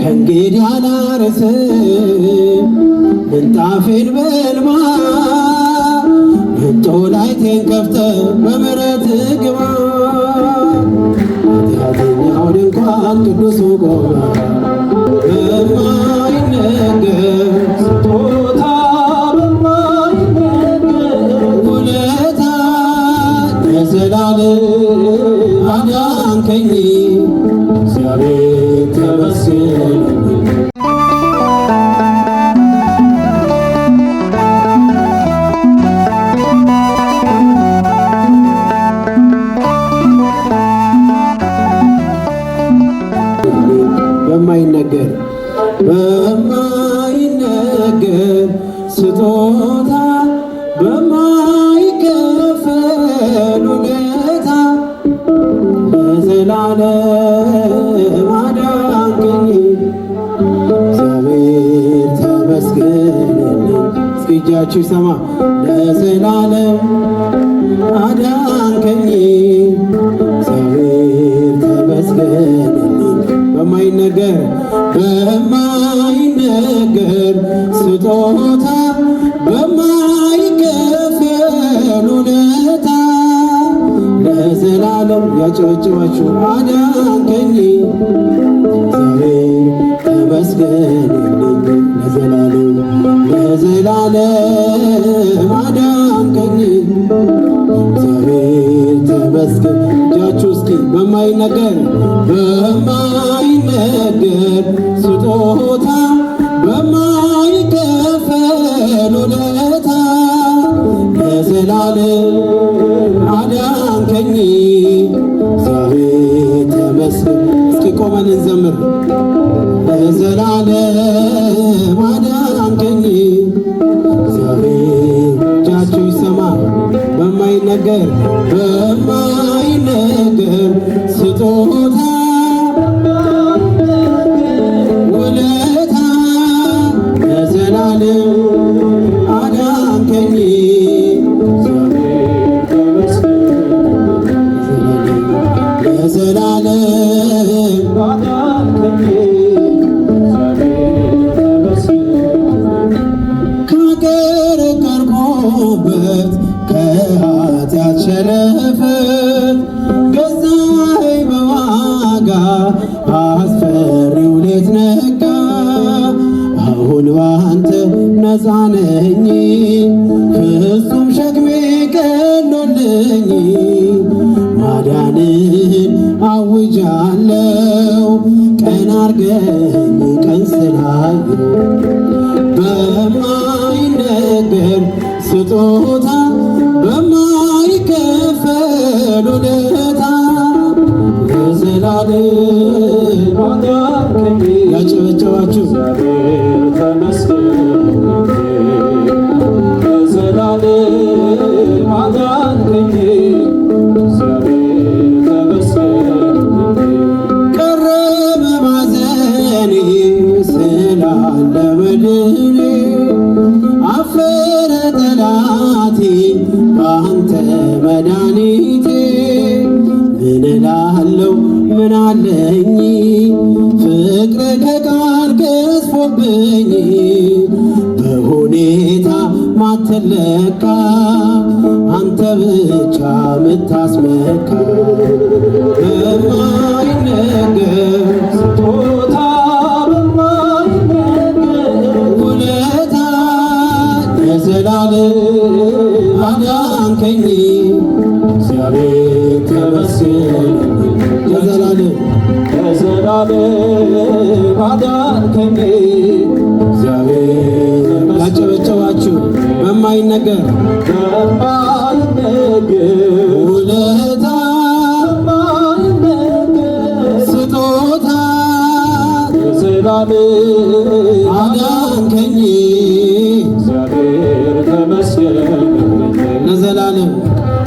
ከእንግዲህ አላረስም ምንጣፌን በልማ ምጦ ላይ ከፍተ በምረት ግባ ኃጢአተኛውን እንኳን ቅዱሱ ቆመ በማይነገር አዳንከኝ እግዚአብሔር በማይነገር ስጦታ በማይከፈል ውለታ በዘላለም አዳንከኝ እግዚአብሔር ተመስገንልኝ። እጃችሁ ይሰማ ለዘላለም አዳንከኝ እግዚአብሔር በማይነገር በማ ውለታ ለዘላለም ያጨበጨባችሁ አዳንከኝ ዛሬ ተመስገንልኝ ለዘላለም ለዘላለም አዳንከኝ ዛሬ ተመስገን እጃችሁ እስኪ በማይነገር በማይነገር ስጦታ ነገር በማይነገር ስጦታ ውለታ ለዘላለም አሁን ባንተ ነፃ ነኝ ፍጹም ሸክሜ ቀሎልኝ ማዳንህን አውጃለው ቀን አርገኝ ቀን ስላዩ በማይነገር ስጦታ በማይከፈል ውለታ ለዘላለም ያጨበጨባችሁ ምን አለኝ ፍቅር ከቃል ገዝፎብኝ በሁኔታ ማትለካ አንተ ብቻ ምታስመካ በማይነገር ስጦታ ውለታ የዘላለም አዳንከኝ እግዚአብሔር ተመስገን ለዘላለም ለዘላለም አዳርከኝ እግዚአብሔር። ያጨበጨባችሁ በማይነገር በማይነገር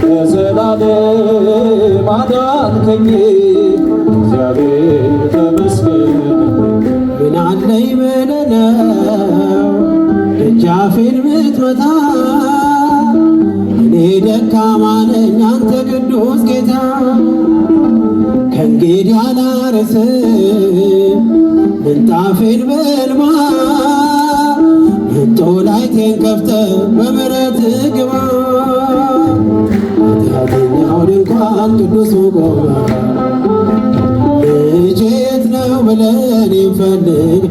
ለዘላለም አዳንከኝ እግዚአብሔር ተመስገን። ምን አለኝ ብለነው ደጃፌን እኔ ደካማ ነኝ አንተ ቅዱስ ጌታ ከእንግዲህ አላረስም ምንጣፌን በእንባ ጦላይቴን ከፍተህ በምሕረት ግባ ቅዱስ ቆማ ልጄት ነው ብለን ይፈልግ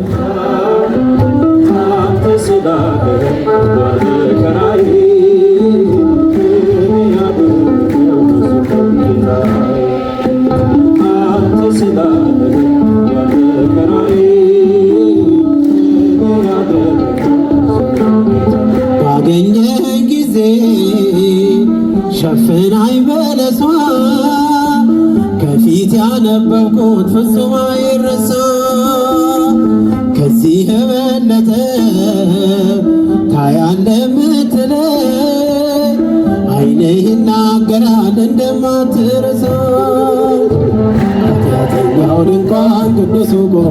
ባገኘ ያነበብኩት ፍጹም አይረሳ ከዚህ የበለጠ ታያለ ምትለኝ አይነ ይናገራል እንደማትረሳ ኃጢአተኛውን እንኳን ቅዱስ ቆሞ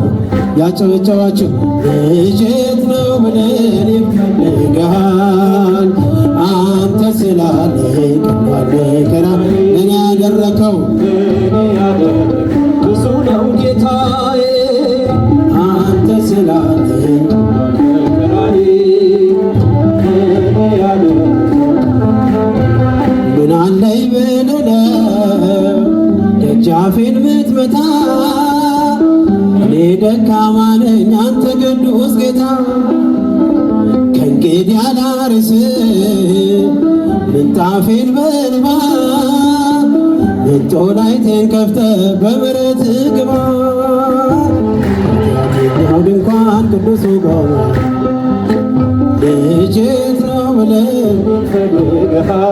ያጨበጨባችሁ ልጄት ነው ብለን ይፈልጋል አንተ ስላለ ቀና ለእኔ ያደረከው ደካማ ነኝ አንተ ቅዱስ ጌታ ከእንግዲህ አላርስ ምንጣፌን በእንባ ጦላይቴን ከፍተ በምረት ግባ ያው ድንኳን ቅዱሱ ጋር ልጅት ነው ብለ ፈልገሃል